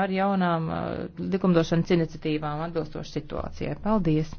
ar jaunām uh, likumdošanas iniciatīvām atbilstoši situācijai. Paldies!